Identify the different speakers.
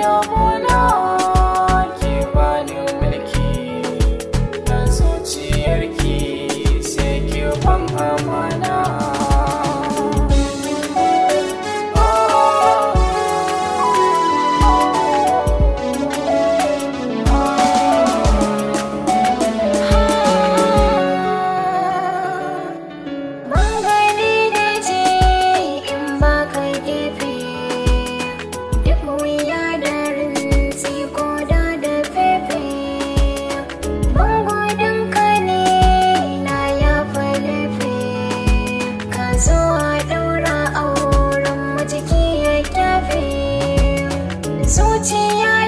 Speaker 1: I'm on.
Speaker 2: yeah.